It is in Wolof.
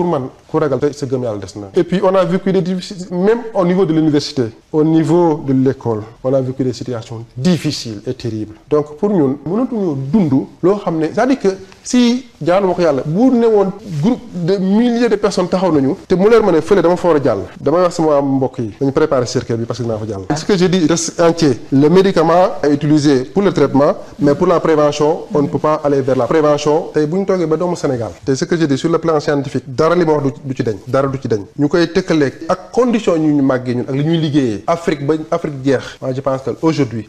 pour man ku ragal sa gëm yàlla des na. et puis on a vécu des difficultés même au niveau de l'université au niveau de l'école on a vécu des situations difficiles et terribles donc pour ñun mënatuñoo dund loo xam ne cest à que si jaalu ma ko yàlla bu ne woon groupe de milliers de personnes taxaw nañu te mu leer ma ne fële dama fa a jàll damay wax sama mbokk yi dañu préparé circuit bi parce que dinaa fa jàll ce que je dis reste entier le médicament est utilisé pour le traitement mais pour la prévention on ne peut aller vers la prévention tey bu ñu toogee ba doomu Sénégal te ce que je dis sur le plan scientifique dara li ma wax du ci deñ dara du ci deñ ñu koy tëkkaleeg ak condition ñu ñu màggee li ñuy liggéeyee Afrique ba Afrique jeex moi je pense que aujourd'hui